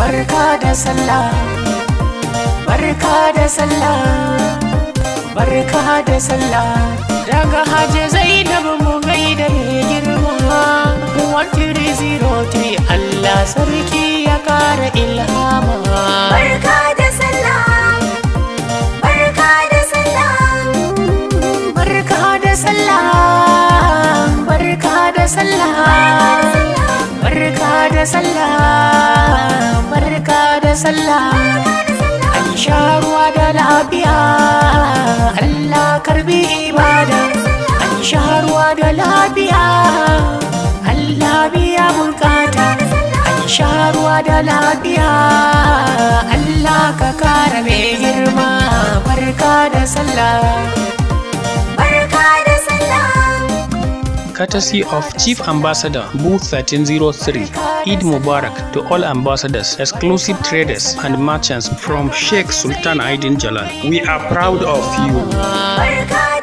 barka da sallah barka da sallah barka da sallah daga hajji zainab mu gaida mai girma 1303 allah sarki ya kara ilhama barka da sallah barka da sallah barka da sallah barka da sallah barka da sallah da sallah an sha ruwa da lafiya Allah karbi ibada an sha ruwa da lafiya Allah biya bukata an sha ruwa da lafiya Allah ka kara mai girma barka da sallah courtesy of Chief Ambassador Booth 1303. Eid Mubarak to all ambassadors, exclusive traders, and merchants from Sheikh Sultan Aydin Jalal. We are proud of you.